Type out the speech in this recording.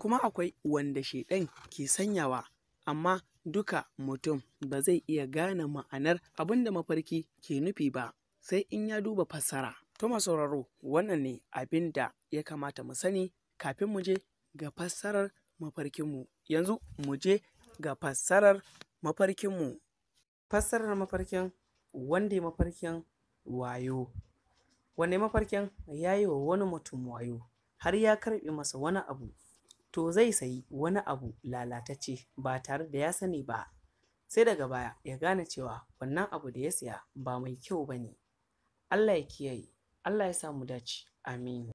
kuma akwai wanda shaiɗan ke sanyawa amma duka mutum ba zai iya gane ma'anar abin da mafarki ke nufi ba sai in ya duba fassara. to sauraro wannan ne abin da ya kamata mu sani kafin mu je ga fassarar mafarkinmu. Yanzu mu je ga fassarar mafarkinmu. Fassarar mafarkin wanda mafarkin wayo. Wanne mafarkin ya yi wa wani mutum wayo har ya karɓi masa wani abu to zai sayi wani abu lalatacce ba tare da ya sani ba sai daga baya ya gane cewa wannan abu da ya saya ba mai kyau ba ne allah ya kiyaye allah ya sa mu dace amin